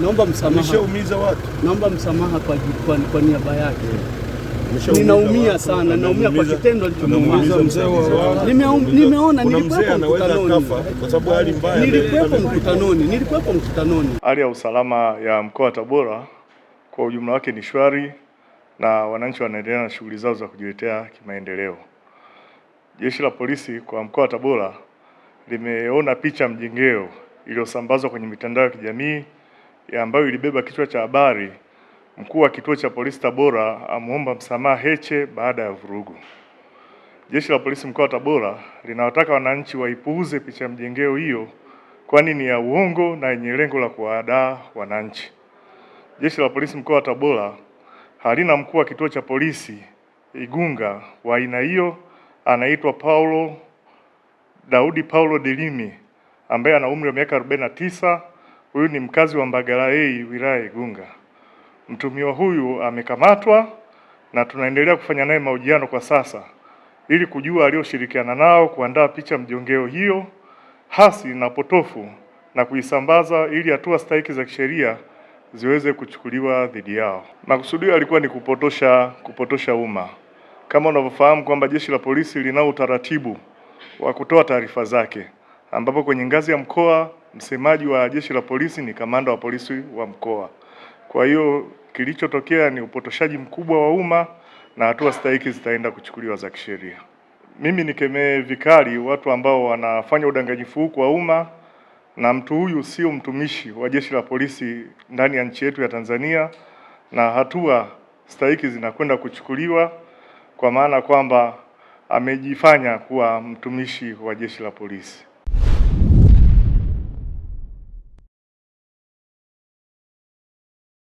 Naomba msamaha. Ameshaumiza watu. Naomba msamaha kwa kwa, kwa niaba yake. Ninaumia sana, naumia kwa kitendo Nimeona nilikuwepo mkutanoni. Nilikuwepo mkutanoni, nilikuwepo mkutanoni. Hali ya usalama ya mkoa wa Tabora kwa ujumla wake ni shwari na wananchi wanaendelea na shughuli zao za kujiletea kimaendeleo. Jeshi la polisi kwa mkoa wa Tabora limeona picha mjengeo iliyosambazwa kwenye mitandao ya kijamii ambayo ilibeba kichwa cha habari mkuu wa kituo cha polisi Tabora amuomba msamaha Heche baada ya vurugu. Jeshi la polisi mkoa wa Tabora linawataka wananchi waipuuze picha mjengeo hiyo, kwani ni ya uongo na yenye lengo la kuwadaa wananchi. Jeshi la polisi mkoa wa Tabora halina mkuu wa kituo cha polisi Igunga wa aina hiyo, anaitwa Paulo Daudi Paulo Delimi ambaye ana umri wa miaka 49 Huyu ni mkazi wa Mbagala A wilaya Igunga. Mtumiwa huyu amekamatwa na tunaendelea kufanya naye mahojiano kwa sasa ili kujua aliyoshirikiana nao kuandaa picha mjongeo hiyo hasi na potofu na kuisambaza ili hatua stahiki za kisheria ziweze kuchukuliwa dhidi yao. Makusudio yalikuwa ni kupotosha kupotosha umma, kama unavyofahamu kwamba jeshi la polisi linao utaratibu wa kutoa taarifa zake, ambapo kwenye ngazi ya mkoa msemaji wa jeshi la polisi ni kamanda wa polisi wa mkoa. Kwa hiyo kilichotokea ni upotoshaji mkubwa wa umma na hatua stahiki zitaenda kuchukuliwa za kisheria. Mimi nikemee vikali watu ambao wanafanya udanganyifu huu kwa umma, na mtu huyu sio mtumishi wa jeshi la polisi ndani ya nchi yetu ya Tanzania, na hatua stahiki zinakwenda kuchukuliwa kwa maana kwamba amejifanya kuwa mtumishi wa jeshi la polisi.